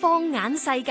放眼世界，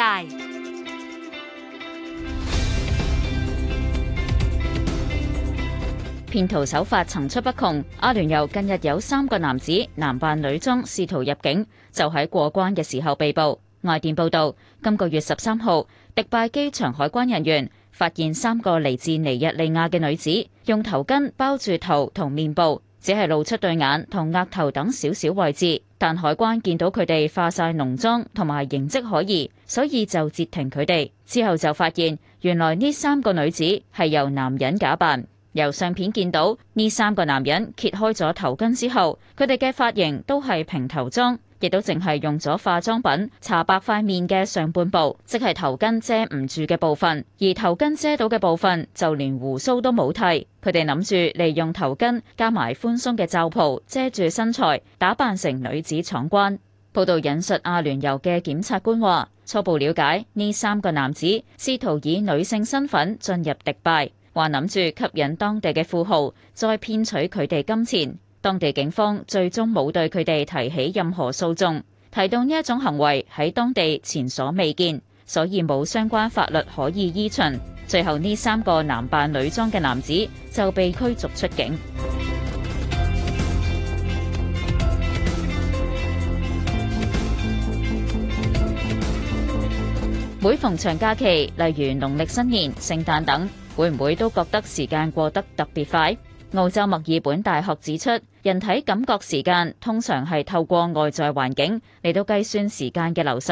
騙徒手法層出不窮。阿聯酋近日有三個男子男扮女裝試圖入境，就喺過關嘅時候被捕。外電報道，今個月十三號，迪拜機場海關人員發現三個嚟自尼日利亞嘅女子，用頭巾包住頭同面部。只係露出對眼同額頭等少少位置，但海關見到佢哋化晒濃妝同埋形跡可疑，所以就截停佢哋。之後就發現原來呢三個女子係由男人假扮。由相片見到呢三個男人揭開咗頭巾之後，佢哋嘅髮型都係平頭裝。亦都淨係用咗化妝品搽白塊面嘅上半部，即係頭巾遮唔住嘅部分；而頭巾遮到嘅部分，就連鬍鬚都冇剃。佢哋諗住利用頭巾加埋寬鬆嘅罩袍遮住身材，打扮成女子闖關。報道引述阿聯酋嘅檢察官話：初步了解呢三個男子試圖以女性身份進入迪拜，還諗住吸引當地嘅富豪，再騙取佢哋金錢。當地警方最終冇對佢哋提起任何訴訟。提到呢一種行為喺當地前所未見，所以冇相關法律可以依循。最後呢三個男扮女裝嘅男子就被驅逐出境。每逢長假期，例如農曆新年、聖誕等，會唔會都覺得時間過得特別快？澳洲墨爾本大學指出，人體感覺時間通常係透過外在環境嚟到計算時間嘅流逝。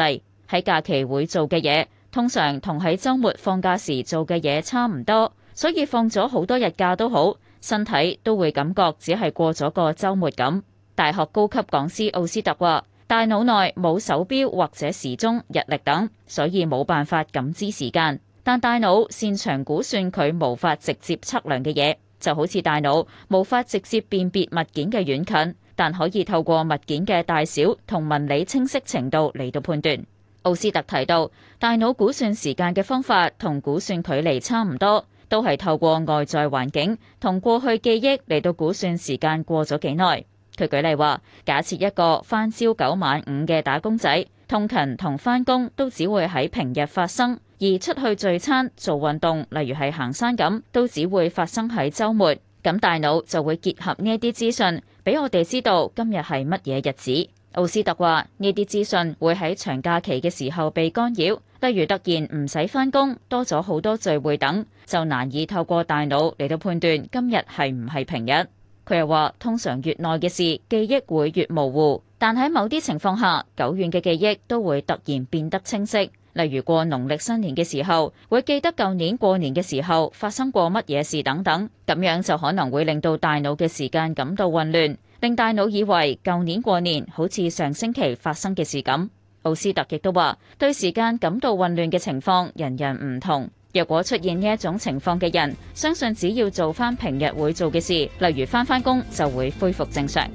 喺假期會做嘅嘢通常同喺周末放假時做嘅嘢差唔多，所以放咗好多日假都好，身體都會感覺只係過咗個周末咁。大學高級講師奧斯特話：大腦內冇手錶或者時鐘、日曆等，所以冇辦法感知時間，但大腦擅長估算佢無法直接測量嘅嘢。就好似大腦無法直接辨別物件嘅遠近，但可以透過物件嘅大小同紋理清晰程度嚟到判斷。奧斯特提到，大腦估算時間嘅方法同估算距離差唔多，都係透過外在環境同過去記憶嚟到估算時間過咗幾耐。佢舉例話，假設一個返朝九晚五嘅打工仔，通勤同返工都只會喺平日發生。而出去聚餐、做運動，例如係行山咁，都只會發生喺周末。咁大腦就會結合呢啲資訊俾我哋知道今日係乜嘢日子。奧斯特話呢啲資訊會喺長假期嘅時候被干擾，例如突然唔使翻工，多咗好多聚會等，就難以透過大腦嚟到判斷今日係唔係平日。佢又話通常越耐嘅事，記憶會越模糊，但喺某啲情況下，久遠嘅記憶都會突然變得清晰。例如過農曆新年嘅時候，會記得舊年過年嘅時候發生過乜嘢事等等，咁樣就可能會令到大腦嘅時間感到混亂，令大腦以為舊年過年好似上星期發生嘅事咁。奧斯特亦都話，對時間感到混亂嘅情況，人人唔同。若果出現呢一種情況嘅人，相信只要做翻平日會做嘅事，例如翻翻工，就會恢復正常。